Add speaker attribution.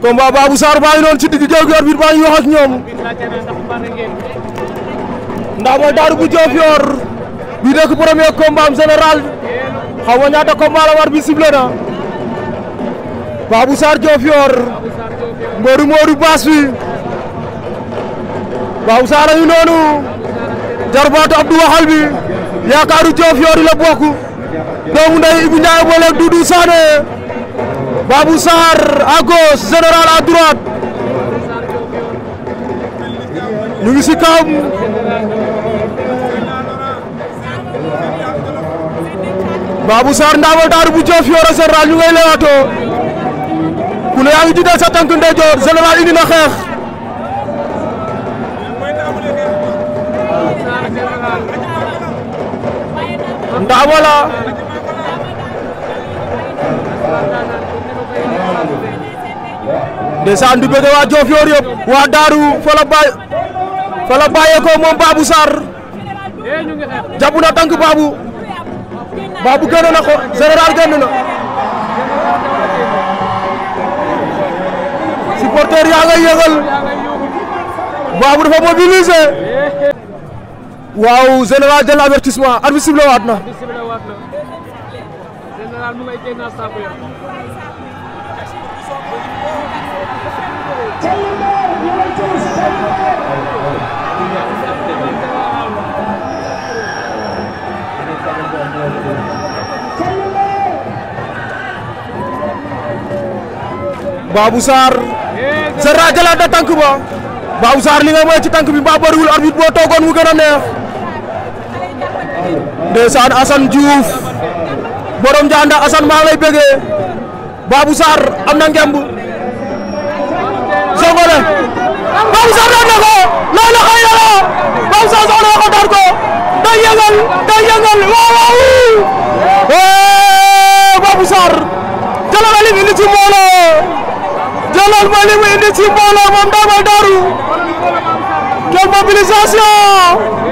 Speaker 1: combat Babou Sarr baa ngi noonu ci digg géew gi arbitre baa ngi wax ak ñoom ndax bi nekk premier joof yor mbooru la bokk doomu ndey Ibou Ndiaye booleeg Doudou Sané Babou Sarr à gauche Général à ngi si kawam Babou Sarr ndaamal daaru bu jëf yoro Général ñu ngay lewaatoo ku ne ngi jiital sa tànk ndeyjoor Général na xeex ndaamala ndeysaan di bëgg waa Diofior yëpp waa Daaru fala baay fala bàyyee ko moom Babou Sarr jàpp na tànk Babou Babou génn na ko général génn na supporteur yaa ngay yëgal Babou dafa mobilisé waaw général de l'avertissement arbitre waat na Babou Sarr Zerra jëlaat na tànk ba Babou Sarr li nga may ci tànk bi mbaa bëriwul arbitre boo toogoon mu gën a neex ndeysaan Assane Diouf borom Ndianda Assane maa lay bëggee Babou Sarr am na ngemb songole
Speaker 2: Babou Sarr daan na ko loolu xëy na la Babou Sarr soxna ko daan ko day yëngal day yëngal waaw waaw eh, Babou Sarr jëlal ma li mu indi ci mbooloo jëlal ma li mu indi ci mbooloo moom Daamal Daaru quelle mobilisation